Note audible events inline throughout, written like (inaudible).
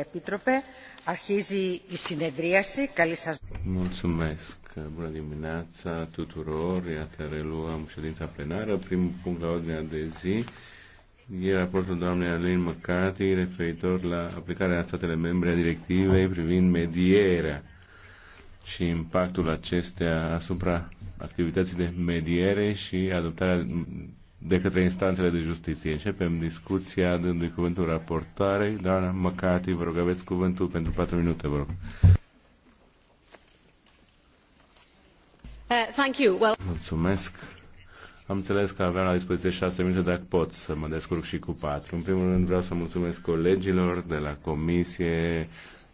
Επίτροπε. Αρχίζει η συνεδρίαση. Καλή σας... Mulțumesc. Bună dimineața tuturor. Iată, reluăm ședința plenară. Primul punct la ordinea de zi e raportul doamnei Alin Măcati referitor la aplicarea în statele membre a directivei privind medierea și impactul acestea asupra activității de mediere și adoptarea de către instanțele de justiție. Începem discuția dându-i cuvântul raportarei. Doamna Măcati, vă rog, aveți cuvântul pentru 4 minute, vă rog. Uh, thank you. Well... Mulțumesc. Am înțeles că aveam la dispoziție 6 minute, dacă pot să mă descurc și cu 4. În primul rând vreau să mulțumesc colegilor de la comisie,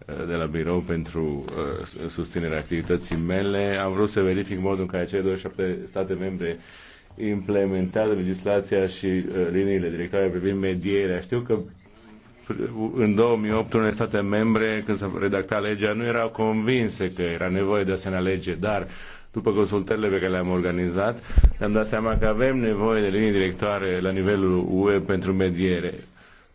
uh, de la birou pentru uh, susținerea activității mele. Am vrut să verific modul în care cele 27 state membre uh, implementat legislația și uh, liniile directoare privind medierea. Știu că în 2008 unele state membre, când s-a redactat legea, nu erau convinse că era nevoie de asemenea lege, dar după consultările pe care le-am organizat, ne-am dat seama că avem nevoie de linii directoare la nivelul UE pentru mediere.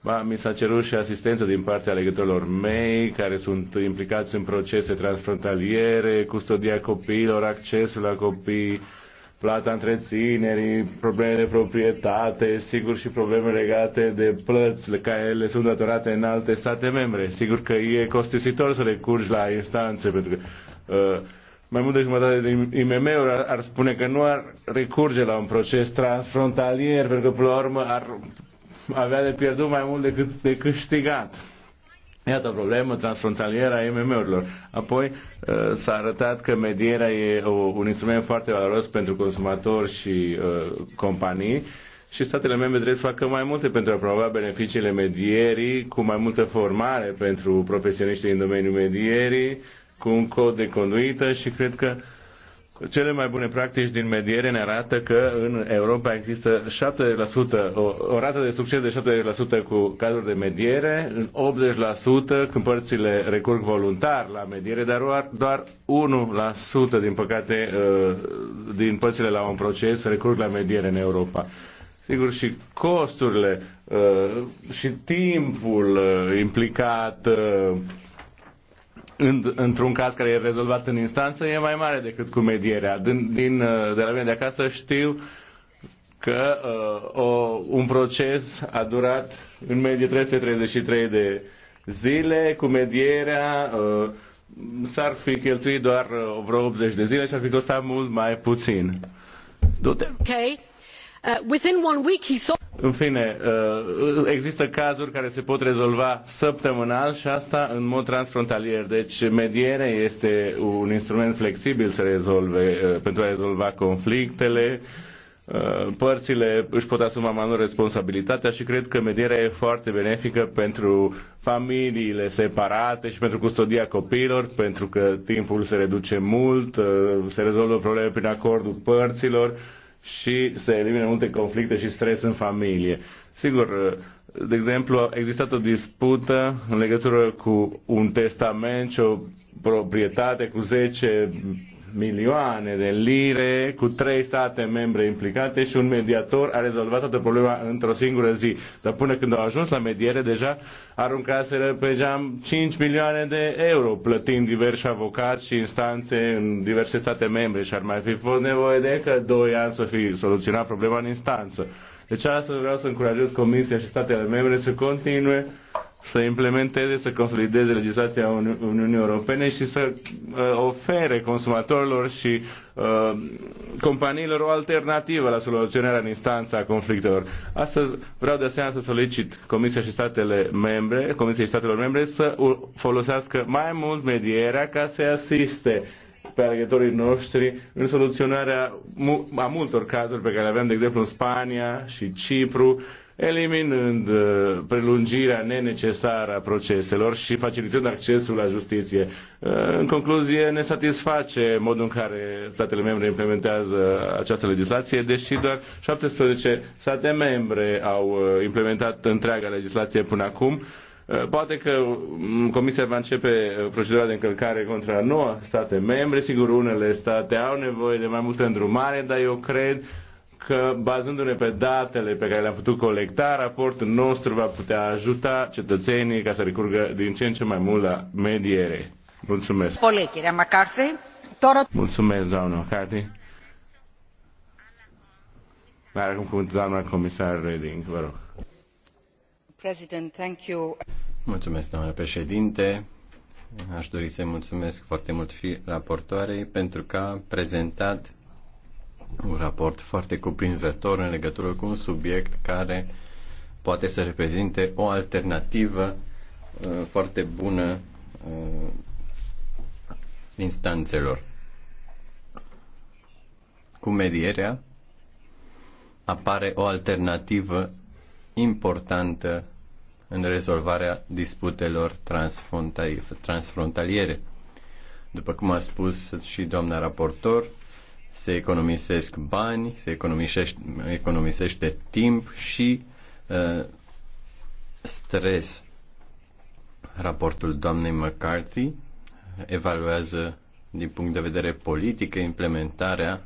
Ba, mi s-a cerut și asistență din partea legătorilor mei, care sunt implicați în procese transfrontaliere, custodia copiilor, accesul la copii, plata întreținerii, probleme de proprietate, sigur și probleme legate de plăți care le sunt datorate în alte state membre. Sigur că e costisitor să recurgi la instanțe, pentru că uh, mai mult de jumătate de IMM-uri ar, ar spune că nu ar recurge la un proces transfrontalier, pentru că, până la urmă, ar avea de pierdut mai mult decât de câștigat. Iată o problemă transfrontalieră a MM-urilor. Apoi uh, s-a arătat că medierea e un instrument foarte valoros pentru consumatori și uh, companii și statele membre trebuie să facă mai multe pentru a promova beneficiile medierii, cu mai multă formare pentru profesioniștii în domeniul medierii, cu un cod de conduită și cred că uh, cele mai bune practici din mediere ne arată că în Europa există 7%, o, o rată de succes de 7% cu cazuri de mediere, 80% când părțile recurg voluntar la mediere, dar doar, doar 1% din păcate uh, din părțile la un proces recurg la mediere în Europa. Sigur, și costurile uh, și timpul uh, implicat în, într-un caz care e rezolvat în instanță e mai mare decât cu medierea. Din, din, uh, de la mine de acasă știu că uh, o, un proces a durat în medie 333 de zile, cu medierea uh, s-ar fi cheltuit doar uh, vreo 80 de zile și ar fi costat mult mai puțin. Du-te. Okay. Uh, within one week he saw în fine, uh, există cazuri care se pot rezolva săptămânal și asta în mod transfrontalier. Deci medierea este un instrument flexibil să rezolve, uh, pentru a rezolva conflictele. Părțile își pot asuma mai mult responsabilitatea și cred că medierea e foarte benefică pentru familiile separate și pentru custodia copiilor, pentru că timpul se reduce mult, se rezolvă probleme prin acordul părților și se elimine multe conflicte și stres în familie. Sigur, de exemplu, a existat o dispută în legătură cu un testament și o proprietate cu 10 milioane de lire cu trei state membre implicate și un mediator a rezolvat toată problema într-o singură zi. Dar până când au ajuns la mediere, deja aruncaseră pe geam 5 milioane de euro, plătind diversi avocați și instanțe în diverse state membre și ar mai fi fost nevoie de că doi ani să fi soluționat problema în instanță. Deci asta vreau să încurajez Comisia și statele membre să continue să implementeze, să consolideze legislația Uni Uniunii Europene și să uh, ofere consumatorilor și uh, companiilor o alternativă la soluționarea în instanța conflictelor. Astăzi vreau de asemenea să solicit Comisia și statele membre, Comisia și statelor membre să folosească mai mult medierea ca să asiste pe alegătorii noștri în soluționarea a multor cazuri pe care le avem, de exemplu, în Spania și Cipru, eliminând uh, prelungirea nenecesară a proceselor și facilitând accesul la justiție. Uh, în concluzie, ne satisface modul în care statele membre implementează această legislație, deși doar 17 state membre au uh, implementat întreaga legislație până acum. Poate că um, Comisia va începe procedura de încălcare contra noua state membre. Sigur, unele state au nevoie de mai multă îndrumare, dar eu cred că, bazându-ne pe datele pe care le-am putut colecta, raportul nostru va putea ajuta cetățenii ca să recurgă din ce în ce mai mult la mediere. Mulțumesc. Olechirea McCarthy. Toro... Mulțumesc, doamna McCarthy. Dar acum cuvântul doamna comisar Reding, vă rog. President, thank you. Mulțumesc, doamna președinte. Aș dori să mulțumesc foarte mult și raportoarei pentru că a prezentat un raport foarte cuprinzător în legătură cu un subiect care poate să reprezinte o alternativă uh, foarte bună uh, instanțelor. Cu medierea apare o alternativă importantă în rezolvarea disputelor transfrontaliere. După cum a spus și doamna raportor, se economisesc bani, se economisește, economisește timp și uh, stres. Raportul doamnei McCarthy evaluează din punct de vedere politic implementarea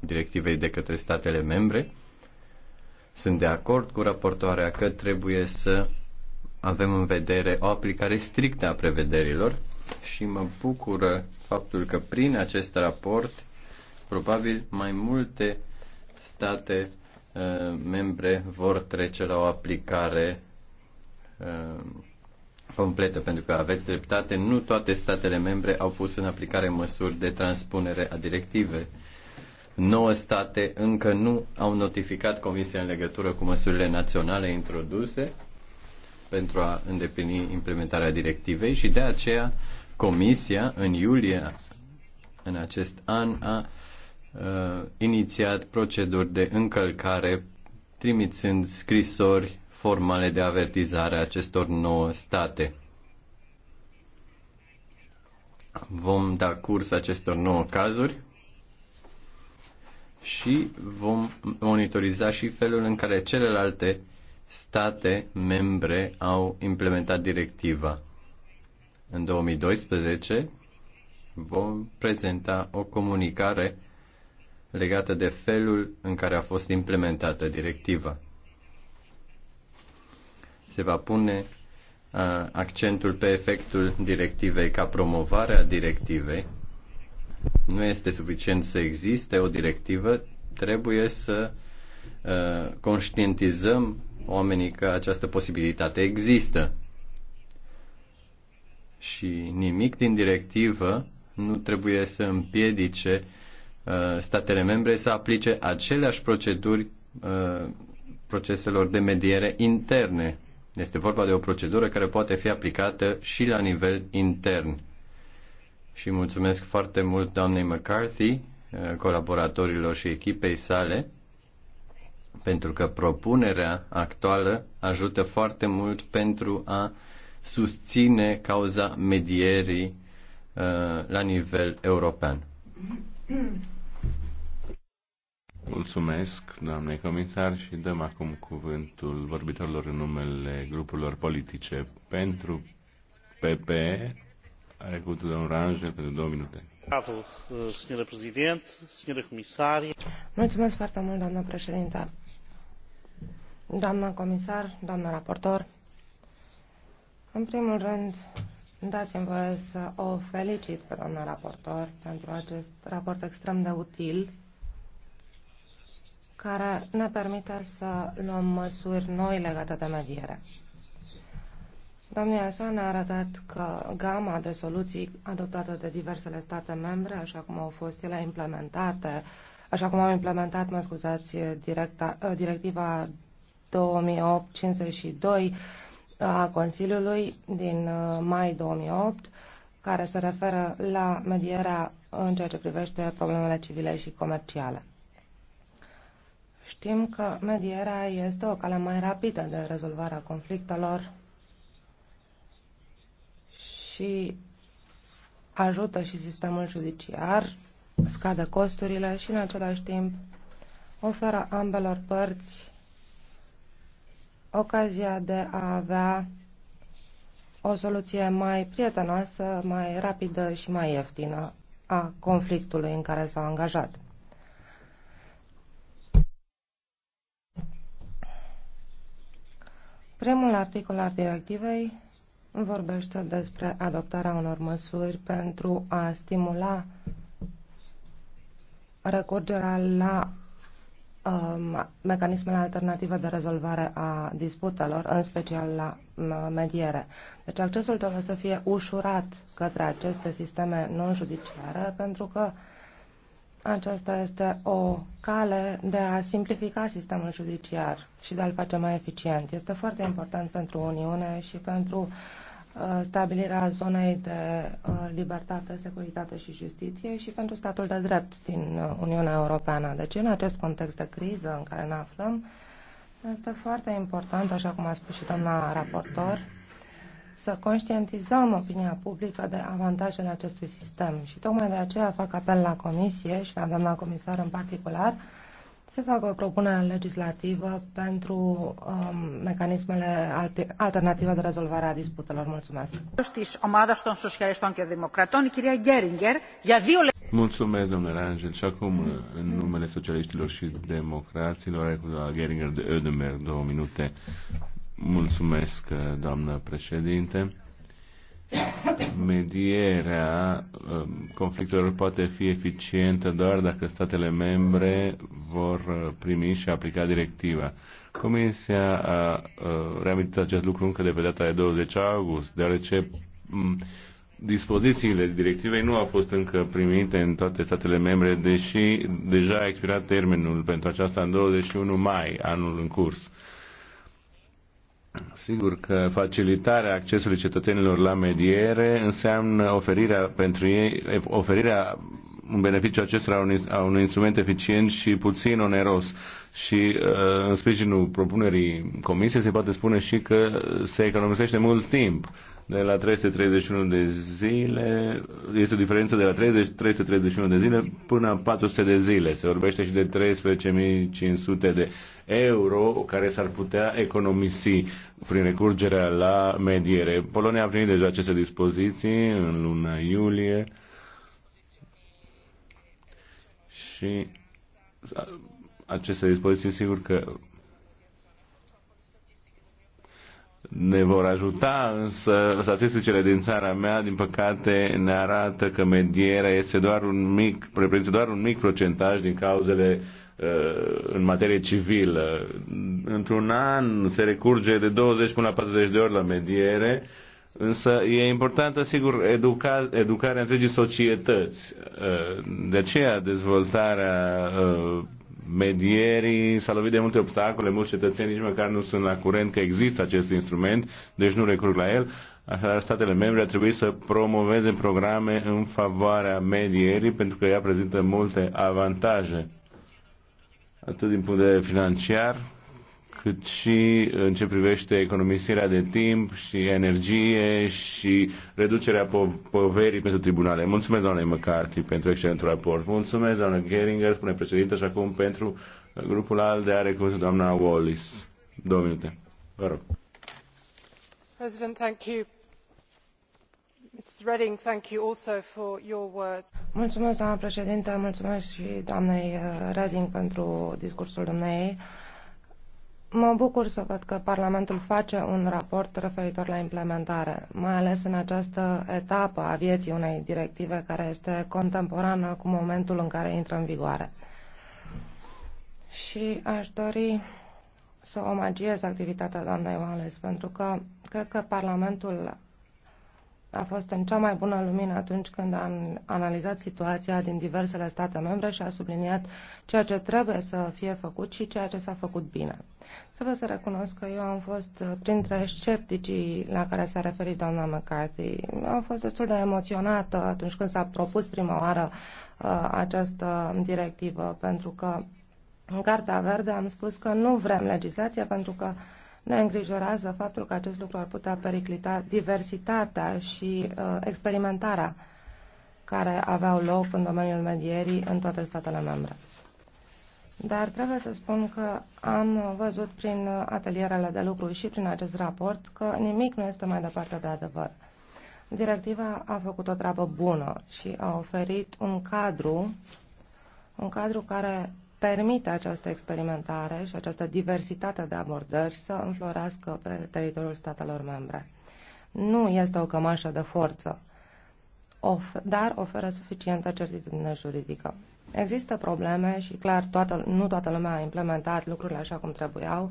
directivei de către statele membre. Sunt de acord cu raportoarea că trebuie să avem în vedere o aplicare strictă a prevederilor și mă bucură faptul că prin acest raport probabil mai multe state uh, membre vor trece la o aplicare uh, completă, pentru că aveți dreptate, nu toate statele membre au pus în aplicare măsuri de transpunere a directivei. 9 state încă nu au notificat Comisia în legătură cu măsurile naționale introduse pentru a îndeplini implementarea directivei și de aceea Comisia în iulie în acest an a uh, inițiat proceduri de încălcare, trimițând scrisori formale de avertizare a acestor nouă state. Vom da curs acestor nouă cazuri și vom monitoriza și felul în care celelalte state membre au implementat directiva. În 2012 vom prezenta o comunicare legată de felul în care a fost implementată directiva. Se va pune accentul pe efectul directivei ca promovare a directivei. Nu este suficient să existe o directivă, trebuie să uh, conștientizăm oamenii că această posibilitate există. Și nimic din directivă nu trebuie să împiedice uh, Uh, statele membre să aplice aceleași proceduri uh, proceselor de mediere interne. Este vorba de o procedură care poate fi aplicată și la nivel intern. Și mulțumesc foarte mult doamnei McCarthy, uh, colaboratorilor și echipei sale, pentru că propunerea actuală ajută foarte mult pentru a susține cauza medierii la nivel european. (clears throat) Mulțumesc, doamne comisar, și dăm acum cuvântul vorbitorilor în numele grupurilor politice. Pentru PP are cuvântul domnul Rangel pentru două minute. Uh, Mulțumesc foarte mult, doamna președinte. Doamna comisar, doamna raportor, în primul rând, dați-mi voie să o felicit pe doamna raportor pentru acest raport extrem de util care ne permite să luăm măsuri noi legate de mediere. Domnia sa ne-a arătat că gama de soluții adoptate de diversele state membre, așa cum au fost ele implementate, așa cum au implementat, mă scuzați, directa, ă, directiva 2008-52 ă, a Consiliului din ă, mai 2008, care se referă la medierea în ceea ce privește problemele civile și comerciale. Știm că medierea este o cale mai rapidă de rezolvare a conflictelor și ajută și sistemul judiciar, scade costurile și în același timp oferă ambelor părți ocazia de a avea o soluție mai prietenoasă, mai rapidă și mai ieftină a conflictului în care s-au angajat. Primul articol al directivei vorbește despre adoptarea unor măsuri pentru a stimula recurgerea la um, mecanismele alternative de rezolvare a disputelor, în special la mediere. Deci accesul trebuie să fie ușurat către aceste sisteme non-judiciare pentru că uh, aceasta este o cale de a simplifica sistemul judiciar și de a-l face mai eficient. Este foarte important pentru Uniune și pentru uh, stabilirea zonei de uh, libertate, securitate și justiție și pentru statul de drept din uh, Uniunea Europeană. Deci, în acest context de criză în care ne aflăm, este foarte important, așa cum a spus și doamna raportor, să conștientizăm opinia publică de avantajele acestui sistem și tocmai de aceea fac apel la Comisie și la doamna comisar în particular să facă o propunere legislativă pentru um, mecanismele alte, alternative de rezolvare a disputelor. Mulțumesc. Mulțumesc, domnule Angel. Și acum, în numele socialiștilor și democraților, are cuvântul Geringer de Ödemer, două minute. Mulțumesc, doamnă președinte. Medierea um, conflictelor poate fi eficientă doar dacă statele membre vor uh, primi și aplica directiva. Comisia a uh, reamintit acest lucru încă de pe data de 20 august, deoarece dispozițiile directivei nu au fost încă primite în toate statele membre, deși deja a expirat termenul pentru aceasta în 21 mai, anul în curs. Sigur că facilitarea accesului cetățenilor la mediere înseamnă oferirea pentru ei, oferirea un beneficiu acesta unui, a unui instrument eficient și puțin oneros. Și uh, în sprijinul propunerii comisiei se poate spune și că se economisește mult timp de la 331 de zile, este o diferență de la 30, 331 de zile până la 400 de zile. Se vorbește și de 13.500 de euro care s-ar putea economisi prin recurgerea la mediere. Polonia a primit deja aceste dispoziții în luna iulie și aceste dispoziții sigur că ne vor ajuta, însă statisticile din țara mea, din păcate, ne arată că medierea este doar un mic, reprezintă doar un mic procentaj din cauzele uh, în materie civilă. Într-un an se recurge de 20 până la 40 de ori la mediere, însă e importantă, sigur, educa, educarea întregii societăți. Uh, de aceea dezvoltarea uh, medierii s-a lovit de multe obstacole, mulți cetățeni nici măcar nu sunt la curent că există acest instrument, deci nu recurg la el. Așadar, statele membre ar trebui să promoveze programe în favoarea medierii, pentru că ea prezintă multe avantaje, atât din punct de vedere financiar, cât și în ce privește economisirea de timp și energie și reducerea poverii pentru tribunale. Mulțumesc, doamne McCarthy, pentru excelentul raport. Mulțumesc, doamne Geringer, spune președinte, și acum pentru grupul al de are cuvântul doamna Wallis. Două minute. Vă rog. President, thank you. Mrs. Redding, thank you also for your words. Mulțumesc, doamna președinte, mulțumesc și doamnei uh, Redding pentru discursul dumneei. Mă bucur să văd că Parlamentul face un raport referitor la implementare, mai ales în această etapă a vieții unei directive care este contemporană cu momentul în care intră în vigoare. Și aș dori să omagiez activitatea doamnei Wales, pentru că cred că Parlamentul a fost în cea mai bună lumină atunci când am analizat situația din diversele state membre și a subliniat ceea ce trebuie să fie făcut și ceea ce s-a făcut bine. Trebuie să recunosc că eu am fost printre scepticii la care s-a referit doamna McCarthy. Am fost destul de emoționată atunci când s-a propus prima oară uh, această directivă, pentru că în Cartea Verde am spus că nu vrem legislație pentru că uh, ne îngrijorează faptul că acest lucru ar putea periclita diversitatea și uh, experimentarea care aveau loc în domeniul medierii în toate statele membre. Dar trebuie să spun că am văzut prin atelierele de lucru și prin acest raport că nimic nu este mai departe de adevăr. Directiva a făcut o treabă bună și a oferit un cadru, un cadru care permite această experimentare și această diversitate de abordări să înflorească pe teritoriul statelor membre. Nu este o cămașă de forță, dar oferă suficientă certitudine juridică. Există probleme și, clar, toată, nu toată lumea a implementat lucrurile așa cum trebuiau.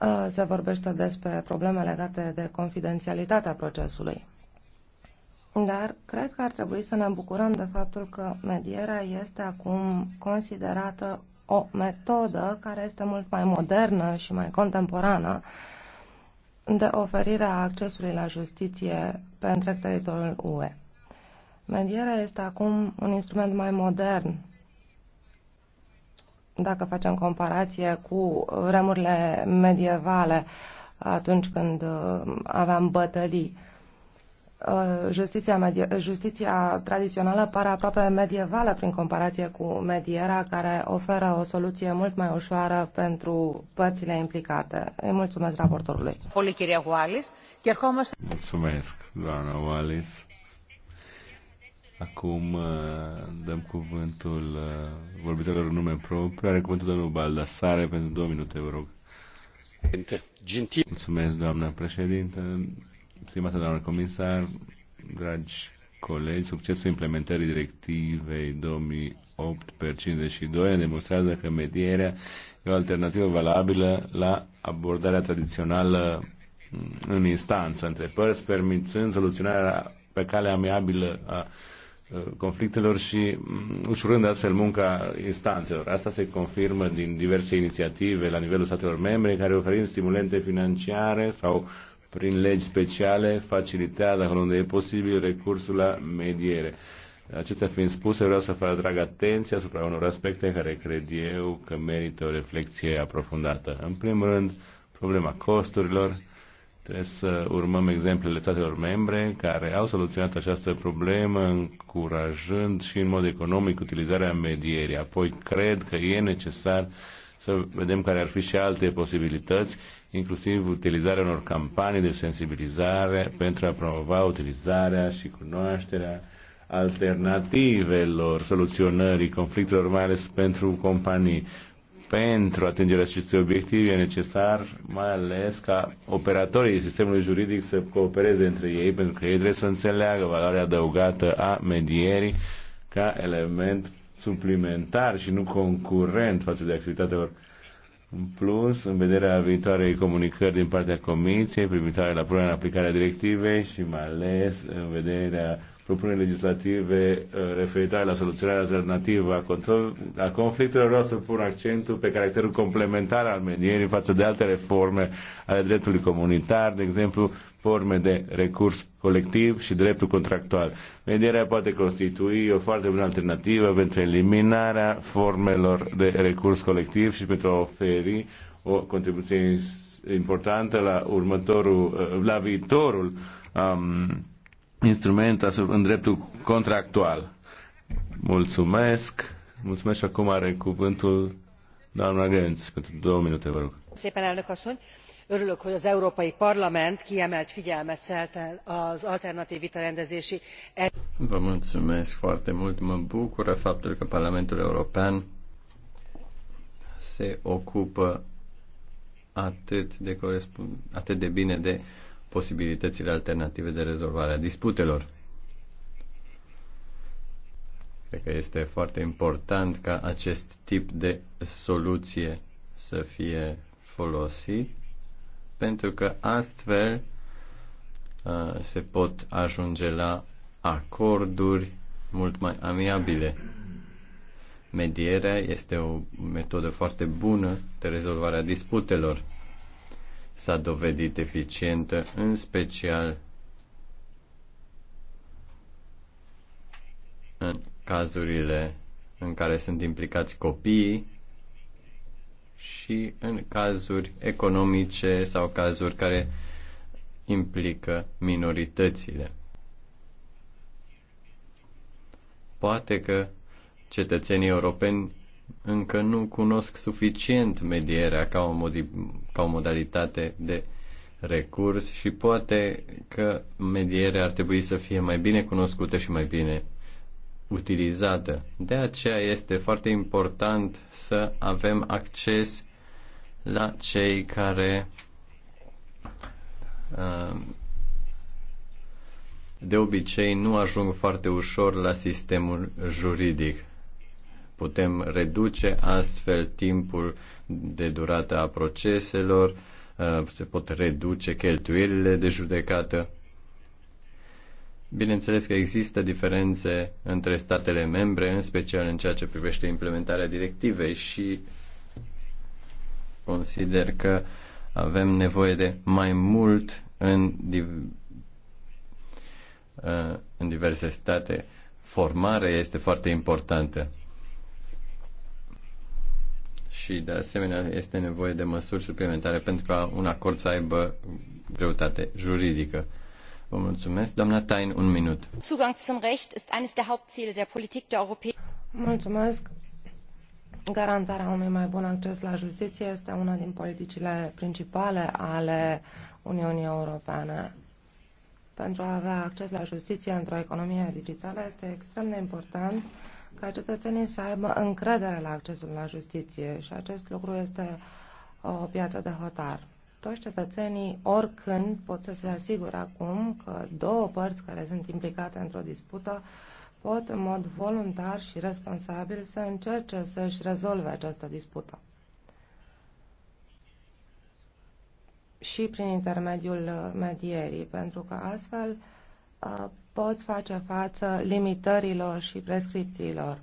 Uh, se vorbește despre probleme legate de confidențialitatea procesului dar cred că ar trebui să ne bucurăm de faptul că medierea este acum considerată o metodă care este mult mai modernă și mai contemporană de oferirea accesului la justiție pe întreg teritoriul UE. Medierea este acum un instrument mai modern dacă facem comparație cu vremurile medievale atunci când uh, aveam bătălii Uh, justiția, justiția tradițională pare aproape medievală prin comparație cu mediera, care oferă o soluție mult mai ușoară pentru părțile implicate. Îi mulțumesc raportorului. Mulțumesc, doamna Wallis. Acum uh, dăm cuvântul uh, vorbitorilor în nume propriu. Are cuvântul domnul Baldassare pentru două minute, vă rog. Mulțumesc, doamna președintă stimată doamnă comisar, dragi colegi, succesul implementării directivei 2008 per 52 demonstrează că medierea e o alternativă valabilă la abordarea tradițională în instanță între părți, permițând soluționarea pe cale amiabilă a conflictelor și mm, ușurând astfel munca instanțelor. Asta se confirmă din diverse inițiative la nivelul statelor membre care oferind stimulente financiare sau prin legi speciale, facilitează acolo unde e posibil recursul la mediere. Acestea fiind spuse, vreau să vă atrag atenția asupra unor aspecte care cred eu că merită o reflexie aprofundată. În primul rând, problema costurilor. Trebuie să urmăm exemplele statelor membre care au soluționat această problemă încurajând și în mod economic utilizarea medierii. Apoi cred că e necesar să vedem care ar fi și alte posibilități inclusiv utilizarea unor campanii de sensibilizare pentru a promova utilizarea și cunoașterea alternativelor soluționării conflictelor, mai ales pentru companii. Pentru atingerea acestui obiectiv e necesar mai ales ca operatorii sistemului juridic să coopereze între ei, pentru că ei trebuie să înțeleagă valoarea adăugată a medierii ca element suplimentar și nu concurent față de activitatea lor în plus, în vederea viitoarei comunicări din partea Comisiei privitoare la punerea în aplicare a directivei și mai ales în vederea propunerii legislative uh, referitoare la soluționarea alternativă a, control, a conflictelor, vreau să pun accentul pe caracterul complementar al medierii față de alte reforme ale dreptului comunitar, de exemplu, forme de recurs colectiv și dreptul contractual. Medierea poate constitui o foarte bună alternativă pentru eliminarea formelor de recurs colectiv și pentru a oferi o contribuție importantă la următorul, eh, la viitorul um, instrument în dreptul contractual. Mulțumesc. Mulțumesc și acum are cuvântul doamna Gânț pentru două minute, vă rog. Szépen, örülök hogy az európai parlament kiemelt figyelmet szent az alternatv vitarendezési. Vă foarte mult. bucură faptul că Parlamentul European se ocupă atât de, atât de bine de posibilitățile alternative de rezolvare a disputelor. Cred că este foarte important ca acest tip de soluție să fie folosit pentru că astfel uh, se pot ajunge la acorduri mult mai amiabile. Medierea este o metodă foarte bună de rezolvare a disputelor. S-a dovedit eficientă, în special în cazurile în care sunt implicați copiii și în cazuri economice sau cazuri care implică minoritățile. Poate că cetățenii europeni încă nu cunosc suficient medierea ca o, modi- ca o modalitate de recurs și poate că medierea ar trebui să fie mai bine cunoscută și mai bine utilizată. De aceea este foarte important să avem acces la cei care uh, de obicei nu ajung foarte ușor la sistemul juridic. Putem reduce astfel timpul de durată a proceselor, uh, se pot reduce cheltuielile de judecată Bineînțeles că există diferențe între statele membre, în special în ceea ce privește implementarea directivei și consider că avem nevoie de mai mult în, div- uh, în diverse state. Formarea este foarte importantă. Și, de asemenea, este nevoie de măsuri suplimentare pentru ca un acord să aibă greutate juridică. Vă mulțumesc. Doamna Tain, un minut. Zugang zum Recht ist eines der Hauptziele der Politik der Europäischen Mulțumesc. Garantarea unui mai bun acces la justiție este una din politicile principale ale Uniunii Europene. Pentru a avea acces la justiție într-o economie digitală este extrem de important ca cetățenii să aibă încredere la accesul la justiție și acest lucru este uh, o piatră de hotar toți cetățenii oricând pot să se asigure acum că două părți care sunt implicate într-o dispută pot în mod voluntar și responsabil să încerce să-și rezolve această dispută. Și prin intermediul uh, medierii, pentru că astfel uh, poți face față limitărilor și prescripțiilor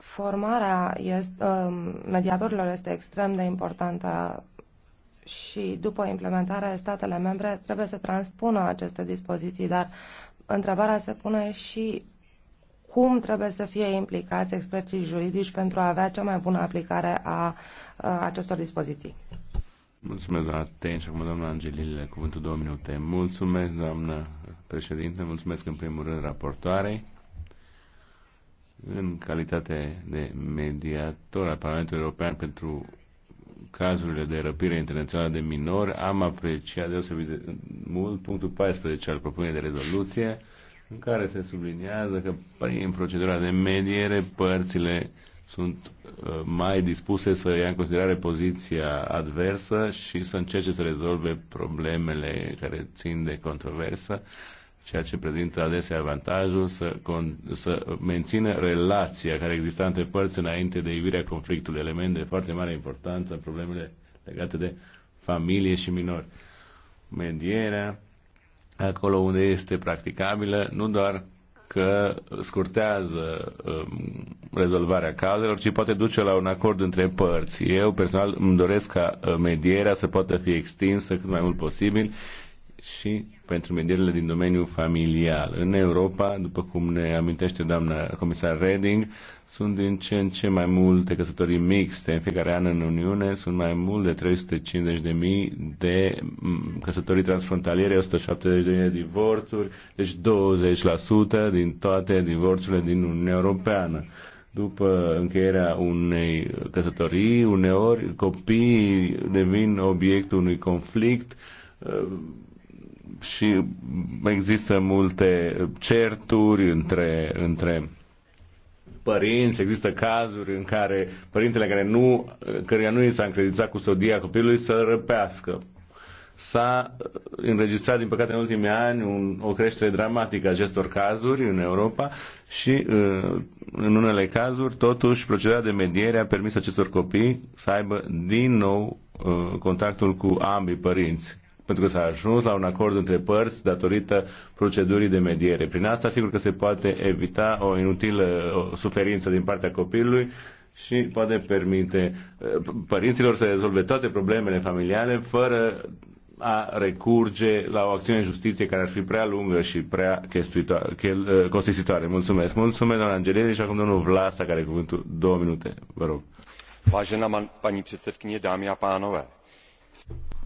formarea este, um, mediatorilor este extrem de importantă și după implementarea statele membre trebuie să transpună aceste dispoziții, dar întrebarea se pune și cum trebuie să fie implicați experții juridici pentru a avea cea mai bună aplicare a, a acestor dispoziții. Mulțumesc, doamna Ten și acum doamna Angelile, cuvântul două minute. Mulțumesc, doamnă președinte, mulțumesc în primul rând raportoarei în calitate de mediator al Parlamentului European pentru cazurile de răpire internațională de minori, am apreciat deosebit de mult punctul 14 al propunerii de rezoluție, în care se subliniază că prin procedura de mediere părțile sunt uh, mai dispuse să ia în considerare poziția adversă și să încerce să rezolve problemele care țin de controversă ceea ce prezintă adesea avantajul să, con, să mențină relația care exista între părți înainte de iubirea conflictului, element de foarte mare importanță în problemele legate de familie și minori. Medierea, acolo unde este practicabilă, nu doar că scurtează um, rezolvarea cauzelor, ci poate duce la un acord între părți. Eu personal îmi doresc ca uh, medierea să poată fi extinsă cât mai mult posibil și pentru medierile din domeniul familial. În Europa, după cum ne amintește doamna comisar Reding, sunt din ce în ce mai multe căsătorii mixte. În fiecare an în Uniune sunt mai mult de 350.000 de căsătorii transfrontaliere, 170.000 de divorțuri, deci 20% din toate divorțurile din Uniunea Europeană după încheierea unei căsătorii, uneori copiii devin obiectul unui conflict și există multe certuri între, între părinți, există cazuri în care părintele care nu, care nu i s-a încredințat custodia copilului să răpească. S-a înregistrat, din păcate, în ultimii ani un, o creștere dramatică a acestor cazuri în Europa și, uh, în unele cazuri, totuși, procedura de mediere a permis acestor copii să aibă din nou uh, contactul cu ambii părinți pentru că s-a ajuns la un acord între părți datorită procedurii de mediere. Prin asta, sigur că se poate evita o inutilă suferință din partea copilului și poate permite uh, părinților să rezolve toate problemele familiale fără a recurge la o acțiune în justiție care ar fi prea lungă și prea uh, costisitoare. Mulțumesc. Mulțumesc, doamna Angelini, și acum domnul Vlasa, care cuvântul două minute, vă rog. Vážená paní předsedkyně, dámy a pánové,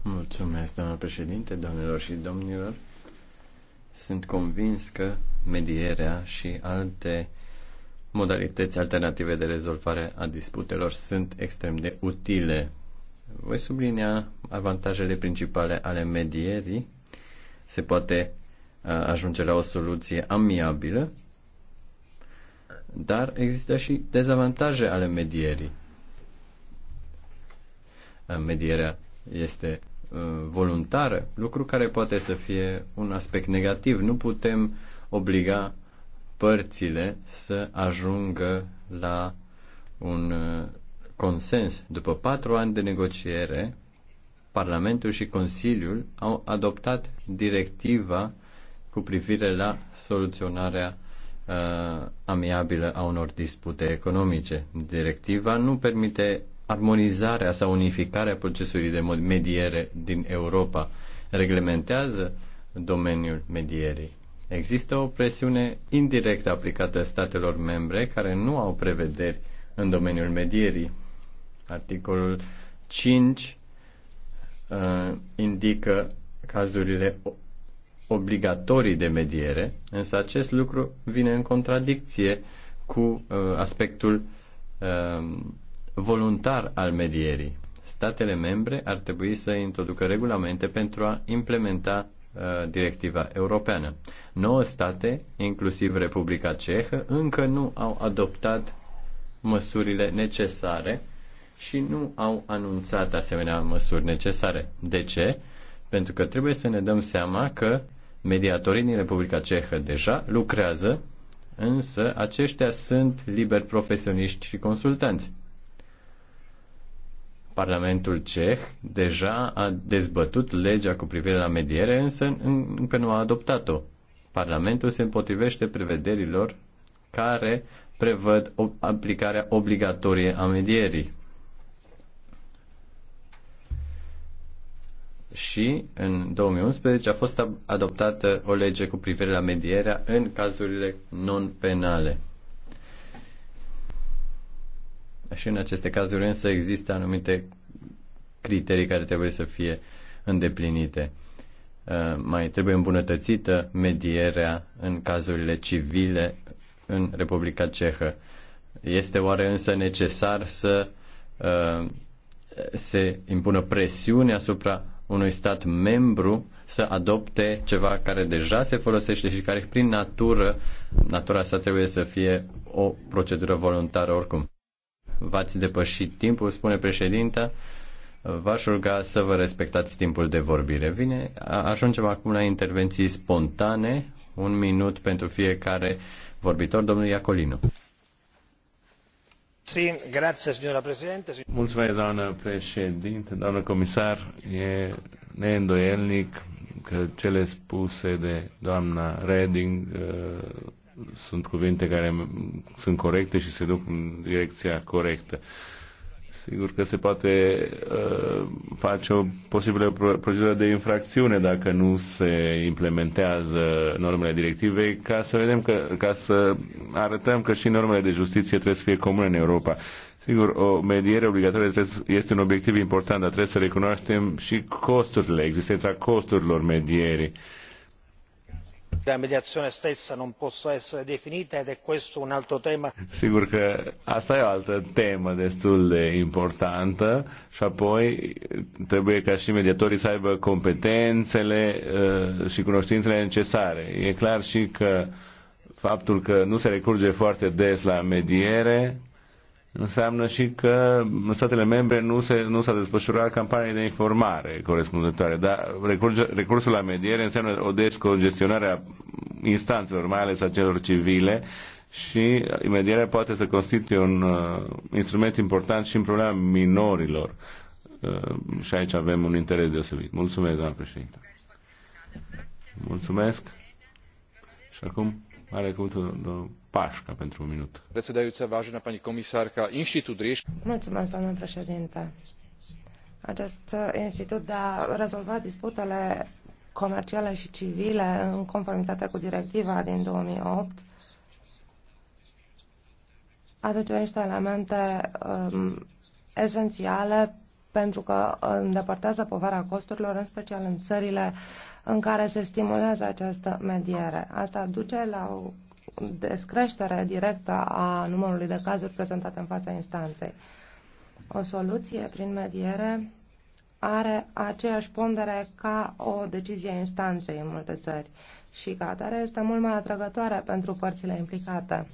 Mulțumesc, doamnă președinte, doamnelor și domnilor. Sunt convins că medierea și alte modalități alternative de rezolvare a disputelor sunt extrem de utile. Voi sublinia avantajele principale ale medierii. Se poate uh, ajunge la o soluție amiabilă, dar există și dezavantaje ale medierii. Medierea este uh, voluntară, lucru care poate să fie un aspect negativ. Nu putem obliga părțile să ajungă la un uh, consens. După patru ani de negociere, Parlamentul și Consiliul au adoptat directiva cu privire la soluționarea uh, amiabilă a unor dispute economice. Directiva nu permite armonizarea sau unificarea procesului de mediere din Europa reglementează domeniul medierii. Există o presiune indirectă aplicată statelor membre care nu au prevederi în domeniul medierii. Articolul 5 uh, indică cazurile obligatorii de mediere, însă acest lucru vine în contradicție cu uh, aspectul uh, voluntar al medierii. Statele membre ar trebui să introducă regulamente pentru a implementa uh, directiva europeană. Nouă state, inclusiv Republica Cehă, încă nu au adoptat măsurile necesare și nu au anunțat asemenea măsuri necesare. De ce? Pentru că trebuie să ne dăm seama că mediatorii din Republica Cehă deja lucrează, însă aceștia sunt liberi profesioniști și consultanți. Parlamentul ceh deja a dezbătut legea cu privire la mediere, însă încă nu a adoptat-o. Parlamentul se împotrivește prevederilor care prevăd aplicarea obligatorie a medierii. și în 2011 a fost adoptată o lege cu privire la medierea în cazurile non-penale. Și în aceste cazuri însă există anumite criterii care trebuie să fie îndeplinite. Uh, mai trebuie îmbunătățită medierea în cazurile civile în Republica Cehă. Este oare însă necesar să uh, se impună presiune asupra unui stat membru să adopte ceva care deja se folosește și care prin natură, natura sa trebuie să fie o procedură voluntară oricum v-ați depășit timpul, spune președinta. V-aș ruga să vă respectați timpul de vorbire. Vine, ajungem acum la intervenții spontane. Un minut pentru fiecare vorbitor. Domnul Iacolino. Mulțumesc, doamnă președinte, doamnă comisar. E neîndoielnic că cele spuse de doamna Reding uh, sunt cuvinte care sunt corecte și se duc în direcția corectă. Sigur că se poate uh, face o posibilă procedură de infracțiune dacă nu se implementează normele directivei, ca să vedem că, ca să arătăm că și normele de justiție trebuie să fie comune în Europa. Sigur, o mediere obligatorie este un obiectiv important, dar trebuie să recunoaștem și costurile, existența costurilor medierii. Uh, la mediazione stessa non possa essere definita ed è questo un altro tema. Sigur că asta e o altă temă destul de importantă și apoi trebuie ca și mediatorii să aibă competențele uh, și cunoștințele necesare. E clar și că faptul că nu se recurge foarte des la mediere înseamnă și că statele membre nu, se, nu s-a desfășurat campanie de informare corespunzătoare, dar recurge, recursul la mediere înseamnă o descongestionare a instanțelor, mai ales a celor civile, și medierea poate să constituie un uh, instrument important și în problema minorilor. Uh, și aici avem un interes deosebit. Mulțumesc, doamnă președinte. Mulțumesc. Și acum are cuvântul domnul Pașca pentru un minut. Predsedajúca, vážená pani Comisarca Inštitút rieš... Mulțumesc, doamnă președinte. Acest uh, institut de a rezolva disputele comerciale și civile în conformitate cu directiva din 2008 aduce niște elemente um, esențiale pentru că îndepărtează povara costurilor, în special în țările în care se stimulează această mediere. Asta duce la o descreștere directă a numărului de cazuri prezentate în fața instanței. O soluție prin mediere are aceeași pondere ca o decizie a instanței în multe țări și ca atare este mult mai atrăgătoare pentru părțile implicate.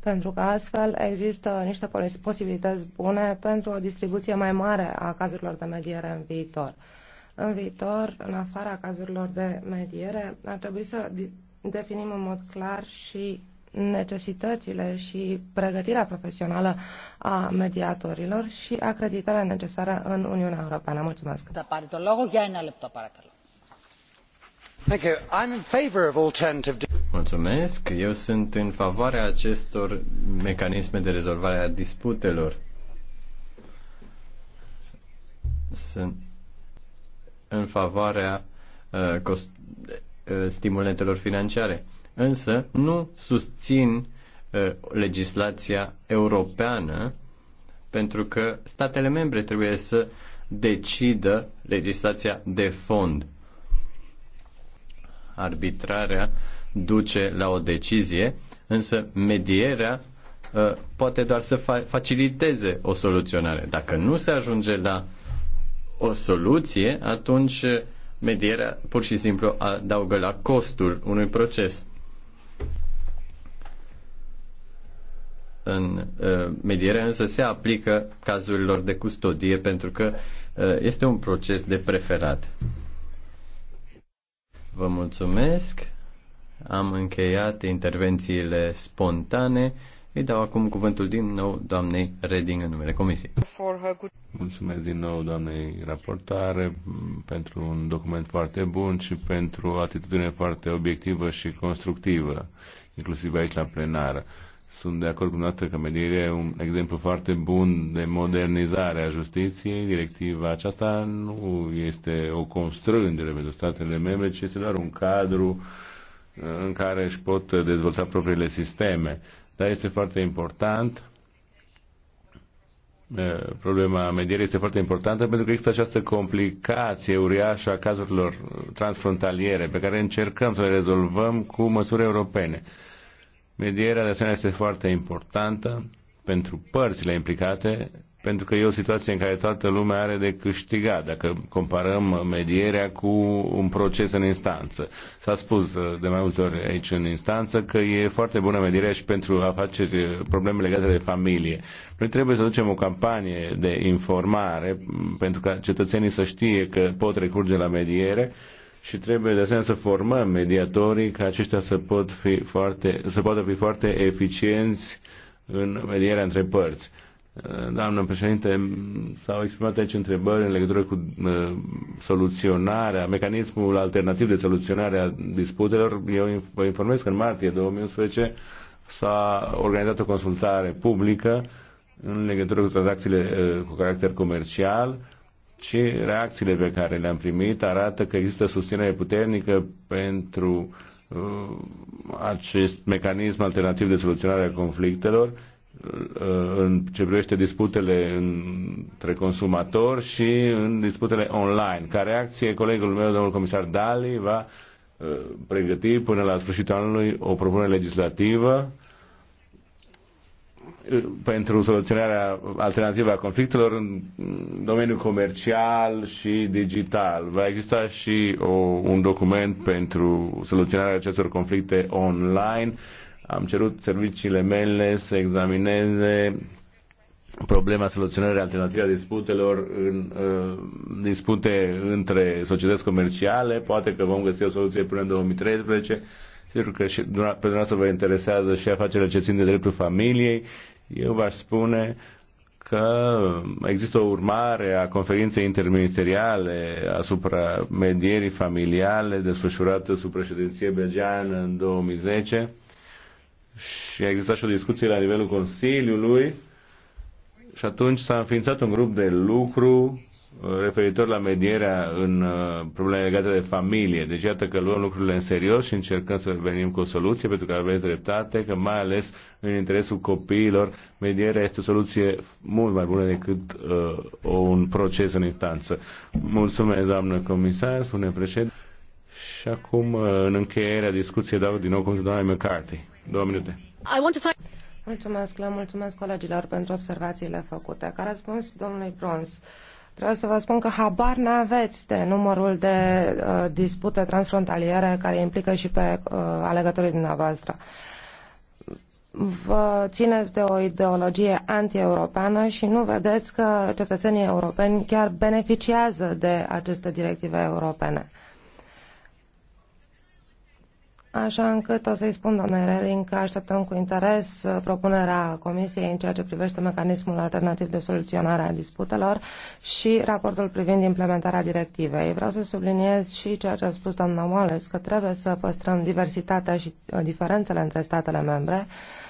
Pentru că astfel există niște posibilități bune pentru o distribuție mai mare a cazurilor de mediere în viitor. În viitor, în afara cazurilor de mediere, ar trebui să definim în mod clar și necesitățile și pregătirea profesională a mediatorilor și acreditarea necesară în Uniunea Europeană. Mulțumesc. Mulțumesc. Eu sunt în favoarea acestor mecanisme de rezolvare a disputelor. Sunt în favoarea uh, cost- Uh, stimulentelor financiare. Însă nu susțin uh, legislația europeană pentru că statele membre trebuie să decidă legislația de fond. Arbitrarea duce la o decizie, însă medierea uh, poate doar să faciliteze o soluționare. Dacă nu se ajunge la o soluție, atunci medierea pur și simplu adaugă la costul unui proces. În uh, mediere însă se aplică cazurilor de custodie pentru că uh, este un proces de preferat. Vă mulțumesc. Am încheiat intervențiile spontane. Îi dau acum cuvântul din nou doamnei Reding în numele Comisiei. Mulțumesc din nou doamnei raportare pentru un document foarte bun și pentru o atitudine foarte obiectivă și constructivă, inclusiv aici la plenară. Sunt de acord cu dumneavoastră că medierea e un exemplu foarte bun de modernizare a justiției. Directiva aceasta nu este o constrângere pentru statele membre, ci este doar un cadru uh, în care își pot dezvolta propriile sisteme dar este foarte important problema medierii este foarte importantă pentru că există această complicație uriașă a cazurilor transfrontaliere pe care încercăm să le rezolvăm cu măsuri europene. Medierea de asemenea este foarte importantă pentru părțile implicate pentru că e o situație în care toată lumea are de câștigat, dacă comparăm medierea cu un proces în instanță. S-a spus uh, de mai multe ori aici în instanță că e foarte bună medierea și pentru a face uh, probleme legate de familie. Noi trebuie să ducem o campanie de informare pentru ca cetățenii să știe că pot recurge la mediere și trebuie de asemenea să formăm mediatorii ca aceștia să, pot fi foarte, să poată fi foarte eficienți în medierea între părți Doamnă președinte, s-au exprimat aici întrebări în legătură cu uh, soluționarea, mecanismul alternativ de soluționare a disputelor. Eu vă informez că în martie 2011 s-a organizat o consultare publică în legătură cu tranzacțiile uh, cu caracter comercial și reacțiile pe care le-am primit arată că există susținere puternică pentru uh, acest mecanism alternativ de soluționare a conflictelor Uh, în ce privește disputele între consumatori și în disputele online. Ca reacție, colegul meu, domnul comisar Dali, va uh, pregăti până la sfârșitul anului o propunere legislativă uh, pentru soluționarea alternativă a conflictelor în domeniul comercial și digital. Va exista și o, un document pentru soluționarea acestor conflicte online am cerut serviciile mele să examineze problema soluționării alternative a disputelor în uh, dispute între societăți comerciale. Poate că vom găsi o soluție până în 2013. Sigur că și, pe dumneavoastră vă interesează și afacerea ce țin de dreptul familiei. Eu v-aș spune că există o urmare a conferinței interministeriale asupra medierii familiale desfășurată sub președinție belgeană în 2010 și a existat și o discuție la nivelul Consiliului și atunci s-a înființat un grup de lucru uh, referitor la medierea în uh, probleme legate de familie. Deci iată că luăm lucrurile în serios și încercăm să venim cu o soluție, pentru că aveți dreptate, că mai ales în interesul copiilor, medierea este o soluție mult mai bună decât uh, un proces în instanță. Mulțumesc, doamnă comisar, spune președinte. Și acum, uh, în încheierea discuției, dau din nou cu doamna McCarthy. Două minute. I want to thank... Mulțumesc, le mulțumesc colegilor pentru observațiile făcute. Ca răspuns domnului Brons, Trebuie să vă spun că habar n-aveți de numărul de uh, dispute transfrontaliere care implică și pe uh, alegătorii dumneavoastră. Vă țineți de o ideologie anti-europeană și nu vedeți că cetățenii europeni chiar beneficiază de aceste directive europene. Așa încât o să-i spun, doamne Reling, că așteptăm cu interes uh, propunerea Comisiei în ceea ce privește mecanismul alternativ de soluționare a disputelor și raportul privind implementarea directivei. Vreau să subliniez și ceea ce a spus doamna Moales, că trebuie să păstrăm diversitatea și uh, diferențele între statele membre,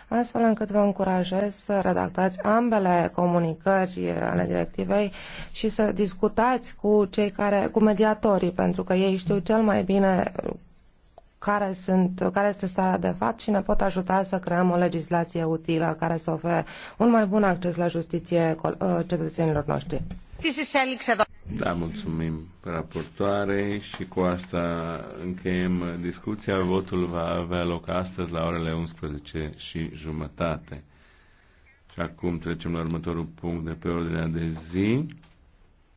astfel încât vă încurajez să redactați ambele comunicări uh, ale directivei și să discutați cu cei care, cu mediatorii, pentru că ei știu cel mai bine care, sunt, care este starea de fapt și ne pot ajuta să creăm o legislație utilă care să ofere un mai bun acces la justiție uh, cetățenilor noștri. Da, mulțumim raportoare și cu asta încheiem discuția. Votul va avea loc astăzi la orele 11 și jumătate. Și acum trecem la următorul punct de pe ordinea de zi.